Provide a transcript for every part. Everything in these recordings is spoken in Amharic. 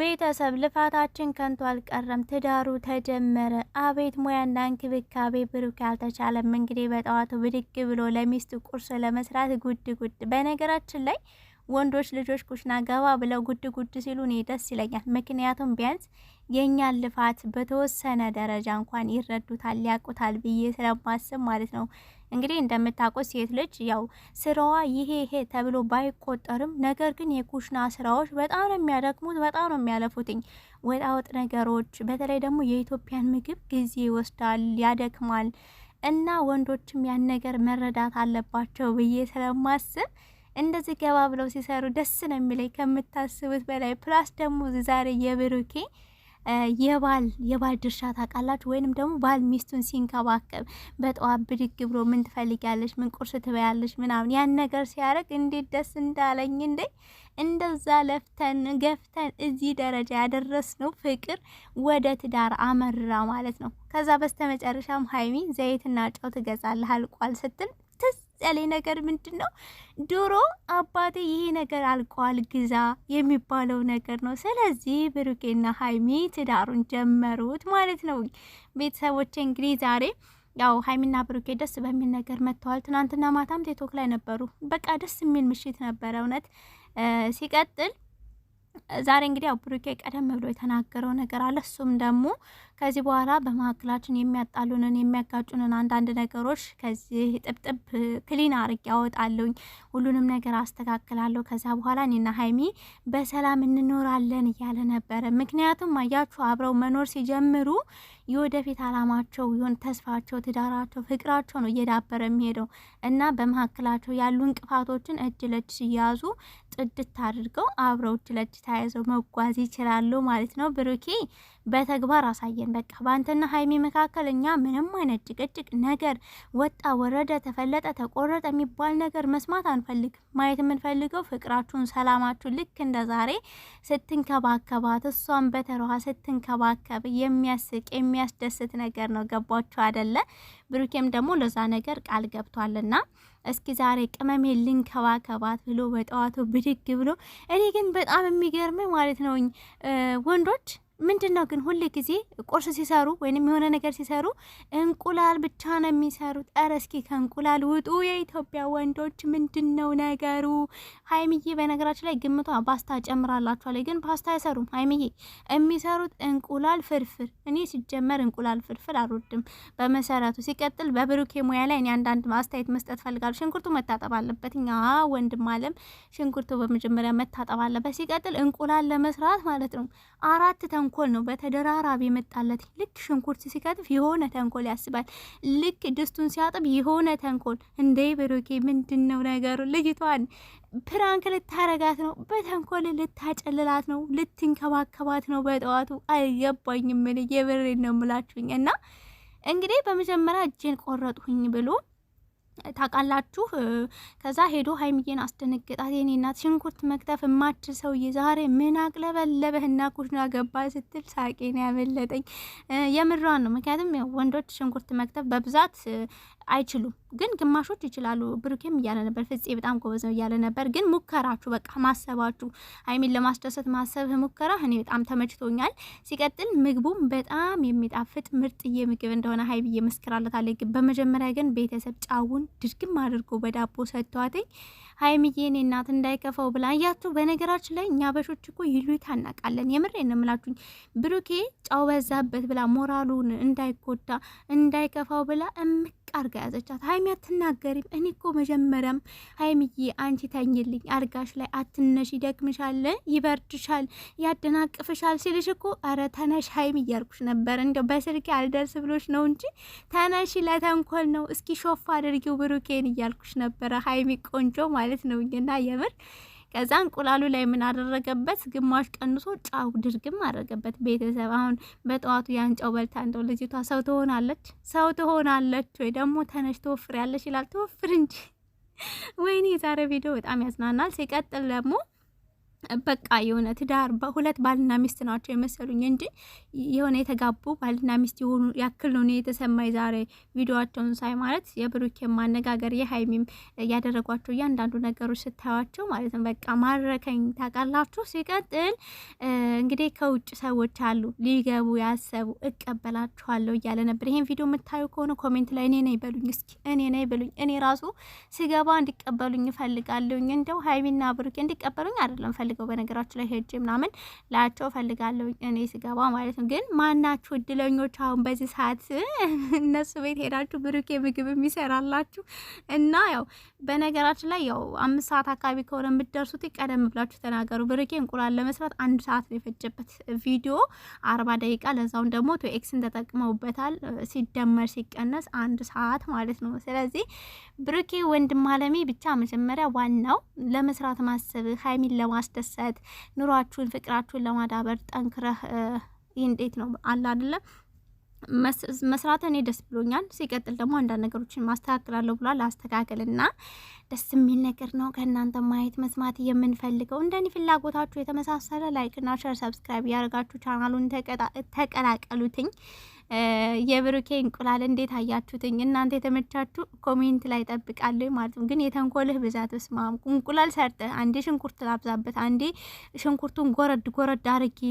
ቤተሰብ ልፋታችን ከንቱ አልቀረም፣ ትዳሩ ተጀመረ። አቤት ሙያና እንክብካቤ ብሩክ አልተቻለም። እንግዲህ በጠዋቱ ብድግ ብሎ ለሚስቱ ቁርስ ለመስራት ጉድ ጉድ። በነገራችን ላይ ወንዶች ልጆች ኩሽና ገባ ብለው ጉድ ጉድ ሲሉ እኔ ደስ ይለኛል። ምክንያቱም ቢያንስ የእኛን ልፋት በተወሰነ ደረጃ እንኳን ይረዱታል፣ ያውቁታል ብዬ ስለማስብ ማለት ነው። እንግዲህ እንደምታውቁት ሴት ልጅ ያው ስራዋ ይሄ ይሄ ተብሎ ባይቆጠርም ነገር ግን የኩሽና ስራዎች በጣም ነው የሚያደክሙት፣ በጣም ነው የሚያለፉትኝ ወጣ ነገሮች። በተለይ ደግሞ የኢትዮጵያን ምግብ ጊዜ ይወስዳል፣ ያደክማል እና ወንዶችም ያን ነገር መረዳት አለባቸው ብዬ ስለማስብ እንደዚህ ገባ ብለው ሲሰሩ ደስ ነው የሚለኝ ከምታስቡት በላይ። ፕላስ ደግሞ ዛሬ የብሩኬ የባል የባል ድርሻ ታውቃላችሁ? ወይንም ደግሞ ባል ሚስቱን ሲንከባከብ በጠዋት ብድግ ብሎ ምን ትፈልጊያለሽ? ምን ቁርስ ትበያለሽ? ምናምን ያን ነገር ሲያደርግ እንዴት ደስ እንዳለኝ እንዴ! እንደዛ ለፍተን ገፍተን እዚህ ደረጃ ያደረስነው ፍቅር ወደ ትዳር አመራ ማለት ነው። ከዛ በስተመጨረሻም ሀይሚ ዘይትና ጨው ትገዛለህ አልቋል ስትል ያስጠላኝ ነገር ምንድን ነው? ድሮ አባቴ ይሄ ነገር አልቋል ግዛ የሚባለው ነገር ነው። ስለዚህ ብሩኬና ሀይሚ ትዳሩን ጀመሩት ማለት ነው። ቤተሰቦች እንግዲህ ዛሬ ያው ሀይሚና ብሩኬ ደስ በሚል ነገር መጥተዋል። ትናንትና ማታም ቴቶክ ላይ ነበሩ። በቃ ደስ የሚል ምሽት ነበረ እውነት። ሲቀጥል ዛሬ እንግዲህ ያው ብሩኬ ቀደም ብሎ የተናገረው ነገር አለ። እሱም ደግሞ ከዚህ በኋላ በመካከላችን የሚያጣሉንን የሚያጋጩንን አንዳንድ ነገሮች ከዚህ ጥብጥብ ክሊን አርግ ያወጣለሁኝ። ሁሉንም ነገር አስተካክላለሁ። ከዛ በኋላ እኔና ሀይሚ በሰላም እንኖራለን እያለ ነበረ። ምክንያቱም አያችሁ አብረው መኖር ሲጀምሩ የወደፊት አላማቸው ይሆን ተስፋቸው፣ ትዳራቸው፣ ፍቅራቸው ነው እየዳበረ የሚሄደው እና በመካከላቸው ያሉ እንቅፋቶችን እጅ ለእጅ ሲያዙ ጥድት አድርገው አብረው እጅ ለእጅ ተያይዘው መጓዝ ይችላሉ ማለት ነው ብሩኬ በተግባር አሳየን። በቃ በአንተና ሀይሚ መካከል እኛ ምንም አይነት ጭቅጭቅ ነገር ወጣ ወረደ፣ ተፈለጠ ተቆረጠ የሚባል ነገር መስማት አንፈልግም። ማየት የምንፈልገው ፍቅራችሁን፣ ሰላማችሁን ልክ እንደ ዛሬ ስትንከባከባት እሷን በተረዋ ስትንከባከብ የሚያስቅ የሚያስደስት ነገር ነው። ገባችሁ አደለ? ብሩኬም ደግሞ ለዛ ነገር ቃል ገብቷልና እስኪ ዛሬ ቅመሜ ልንከባከባት ብሎ በጠዋቱ ብድግ ብሎ እኔ ግን በጣም የሚገርም ማለት ነው ወንዶች ምንድን ነው ግን ሁል ጊዜ ቁርስ ሲሰሩ ወይንም የሆነ ነገር ሲሰሩ እንቁላል ብቻ ነው የሚሰሩት? ኧረ እስኪ ከእንቁላል ውጡ የኢትዮጵያ ወንዶች። ምንድን ነው ነገሩ? ሀይምዬ በነገራችን ላይ ግምቷ ፓስታ ጨምራላችኋል፣ ግን ፓስታ አይሰሩም። ሀይምዬ የሚሰሩት እንቁላል ፍርፍር። እኔ ሲጀመር እንቁላል ፍርፍር አልወድም በመሰረቱ። ሲቀጥል በብሩኬ ሙያ ላይ እኔ አንዳንድ አስተያየት መስጠት ፈልጋሉ። ሽንኩርቱ መታጠብ አለበት። እኛ ወንድም አለም ሽንኩርቱ በመጀመሪያ መታጠብ አለበት። ሲቀጥል እንቁላል ለመስራት ማለት ነው አራት ተንኮል ነው በተደራራቢ የመጣለት። ልክ ሽንኩርት ሲከትፍ የሆነ ተንኮል ያስባል። ልክ ድስቱን ሲያጥብ የሆነ ተንኮል። እንደ ብሩኬ ምንድን ነው ነገሩ? ልጅቷን ፕራንክ ልታረጋት ነው፣ በተንኮል ልታጨልላት ነው፣ ልትንከባከባት ነው። በጠዋቱ አልገባኝም። ምን የብሬ ነው ምላችሁኝ እና እንግዲህ በመጀመሪያ እጄን ቆረጥሁኝ ብሎ ታውቃላችሁ። ከዛ ሄዶ ሀይሚዬን አስደነግጣት፣ የኔ እናት ሽንኩርት መክተፍ የማትችል ሰውዬ ዛሬ ምን አቅለበለበህና ኩሽና ገባ ስትል ሳቄን ያመለጠኝ የምሯን ነው። ምክንያቱም ወንዶች ሽንኩርት መክተፍ በብዛት አይችሉም፣ ግን ግማሾች ይችላሉ። ብሩኬም እያለ ነበር፣ ፍጼ በጣም ጎበዝ ነው እያለ ነበር። ግን ሙከራችሁ በቃ ማሰባችሁ አይሚን ለማስደሰት ማሰብህ ሙከራ እኔ በጣም ተመችቶኛል። ሲቀጥል ምግቡም በጣም የሚጣፍጥ ምርጥዬ ምግብ እንደሆነ ሀይብዬ መስክራለታለች። ግን በመጀመሪያ ግን ቤተሰብ ጫውን ድርግም አድርጎ በዳቦ ሰጥቷትኝ ሀይሚዬ እኔ እናት እንዳይከፋው ብላ እያቱ። በነገራችን ላይ እኛ በሾች እኮ ይሉት አናቃለን። የምሬ ነው የምላችሁኝ። ብሩኬ ጫው በዛበት ብላ ሞራሉን እንዳይጎዳ እንዳይከፋው ብላ እምቃርግ አድርጋ ያዘቻት። ሀይሚ አትናገሪም። እኔ እኮ መጀመሪያም ሀይሚዬ አንቺ ተኝልኝ አልጋሽ ላይ አትነሽ፣ ይደክምሻል፣ ይበርድሻል፣ ያደናቅፍሻል ሲልሽ እኮ አረ ተነሽ ሀይሚ እያልኩሽ ነበር። እንደ በስልክ አልደርስ ብሎች ነው እንጂ ተነሽ፣ ለተንኮል ነው። እስኪ ሾፍ አድርጊው ብሩኬን እያልኩሽ ነበረ ሀይሚ ቆንጆ ማለት ነው እና የምር ከዛ እንቁላሉ ላይ ምን አደረገበት? ግማሽ ቀንሶ ጫው ድርግም አደረገበት። ቤተሰብ አሁን በጠዋቱ ያንጫው በልታ እንደው ልጅቷ ሰው ትሆናለች ሰው ትሆናለች ወይ ደግሞ ተነሽ ትወፍር ያለሽ ይላል። ትወፍር እንጂ ወይኔ የዛሬ ቪዲዮ በጣም ያዝናናል። ሲቀጥል ደግሞ በቃ የሆነ ትዳር ሁለት ባልና ሚስት ናቸው የመሰሉኝ እንጂ የሆነ የተጋቡ ባልና ሚስት የሆኑ ያክል ነው የተሰማኝ። ዛሬ ቪዲዮቸውን ሳይ ማለት የብሩኬ ማነጋገር የሀይሚም ያደረጓቸው እያንዳንዱ ነገሮች ስታዩቸው ማለት ነው በቃ ማረከኝ። ታውቃላችሁ። ሲቀጥል እንግዲህ ከውጭ ሰዎች አሉ ሊገቡ ያሰቡ እቀበላችኋለሁ እያለ ነበር። ይሄን ቪዲዮ የምታዩ ከሆነ ኮሜንት ላይ እኔ ነኝ በሉኝ፣ እስኪ እኔ ነኝ በሉኝ። እኔ ራሱ ስገባ እንዲቀበሉኝ እፈልጋለሁኝ። እንደው ሀይሚና ብሩኬ እንዲቀበሉኝ አይደለም ፈልግ ፈልገው በነገራችን ላይ ሄጄ ምናምን ላያቸው ፈልጋለሁ እኔ ስገባ ማለት ነው። ግን ማናችሁ እድለኞች አሁን በዚህ ሰዓት እነሱ ቤት ሄዳችሁ ብሩኬ ምግብ የሚሰራላችሁ እና ያው በነገራችን ላይ ያው አምስት ሰዓት አካባቢ ከሆነ የምትደርሱት ቀደም ብላችሁ ተናገሩ። ብሩኬ እንቁላል ለመስራት አንድ ሰዓት ነው የፈጀበት ቪዲዮ አርባ ደቂቃ ለዛውን ደግሞ ቶ ኤክስን ተጠቅመውበታል ሲደመር ሲቀነስ አንድ ሰዓት ማለት ነው። ስለዚህ ብሩኬ ወንድም አለሜ ብቻ መጀመሪያ ዋናው ለመስራት ማሰብ ሀይሚን ለማስደሰት የሚከሰት ኑሯችሁን፣ ፍቅራችሁን ለማዳበር ጠንክረህ ይህ እንዴት ነው አለ አይደለም መስራት እኔ ደስ ብሎኛል። ሲቀጥል ደግሞ አንዳንድ ነገሮችን ማስተካከላለሁ ብሏል። አስተካከል እና ደስ የሚል ነገር ነው ከእናንተ ማየት መስማት የምንፈልገው። እንደኔ ፍላጎታችሁ የተመሳሰለ ላይክ ሸር፣ ሰብስክራይብ ያደርጋችሁ ቻናሉን ተቀላቀሉትኝ። የብሩኬ እንቁላል እንዴት አያችሁትኝ እናንተ? የተመቻችሁ ኮሜንት ላይ ጠብቃለሁ ማለት ነው። ግን የተንኮልህ ብዛት በስመ አብ። እንቁላል ሰርጥ አንዴ ሽንኩርት ላብዛበት፣ አንዴ ሽንኩርቱን ጎረድ ጎረድ አርጊ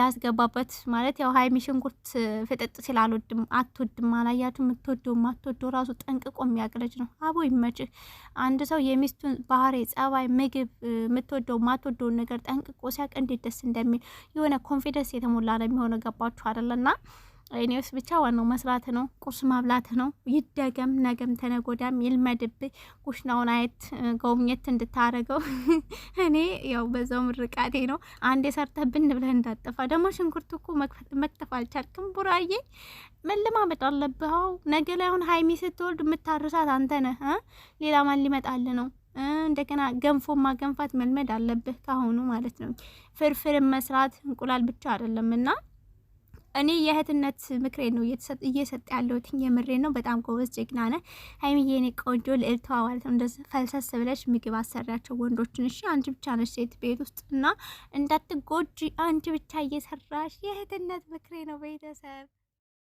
ላስገባበት ማለት ያው ሀይሚ ሽንኩርት ፍጥጥ ስላልወድም አትወድም አላያችሁ? የምትወደው ማትወደው ራሱ ጠንቅቆ የሚያቅለች ነው። አቦ ይመችህ። አንድ ሰው የሚስቱን ባህሪ፣ ጸባይ፣ ምግብ የምትወደው ማትወደውን ነገር ጠንቅቆ ሲያቅ እንዴት ደስ እንደሚል የሆነ ኮንፊደንስ የተሞላ ነው የሚሆነው። ገባችሁ አደለና እኔውስ ብቻ ዋናው መስራት ነው፣ ቁርስ ማብላት ነው። ይደገም፣ ነገም ተነጎዳም ይልመድብ። ኩሽናውን አየት ጎብኘት እንድታረገው እኔ ያው በዛው ምርቃቴ ነው። አንዴ የሰርተህ ብን ብለህ እንዳጠፋ። ደግሞ ሽንኩርት እኮ መክተፍ አልቻልክም ቡራዬ፣ መለማመጥ አለብኸው። ነገ ላይ አሁን ሀይሚ ስትወልድ የምታርሳት አንተ ነህ። ሌላ ማን ሊመጣል ነው? እንደገና ገንፎ ማገንፋት መልመድ አለብህ ከአሁኑ ማለት ነው። ፍርፍርን መስራት እንቁላል ብቻ አይደለም እና እኔ የእህትነት ምክሬን ነው እየሰጥ ያለሁት። የምሬ ነው። በጣም ጎበዝ ጀግና ነ ሀይሚዬ፣ የኔ ቆንጆ ልዕልቷ ማለት ነው። እንደዚህ ፈልሰስ ብለሽ ምግብ አሰሪያቸው ወንዶችን። እሺ አንቺ ብቻ ነሽ ሴት ቤት ውስጥ እና እንዳትጎጂ፣ አንቺ ብቻ እየሰራሽ የእህትነት ምክሬ ነው ቤተሰብ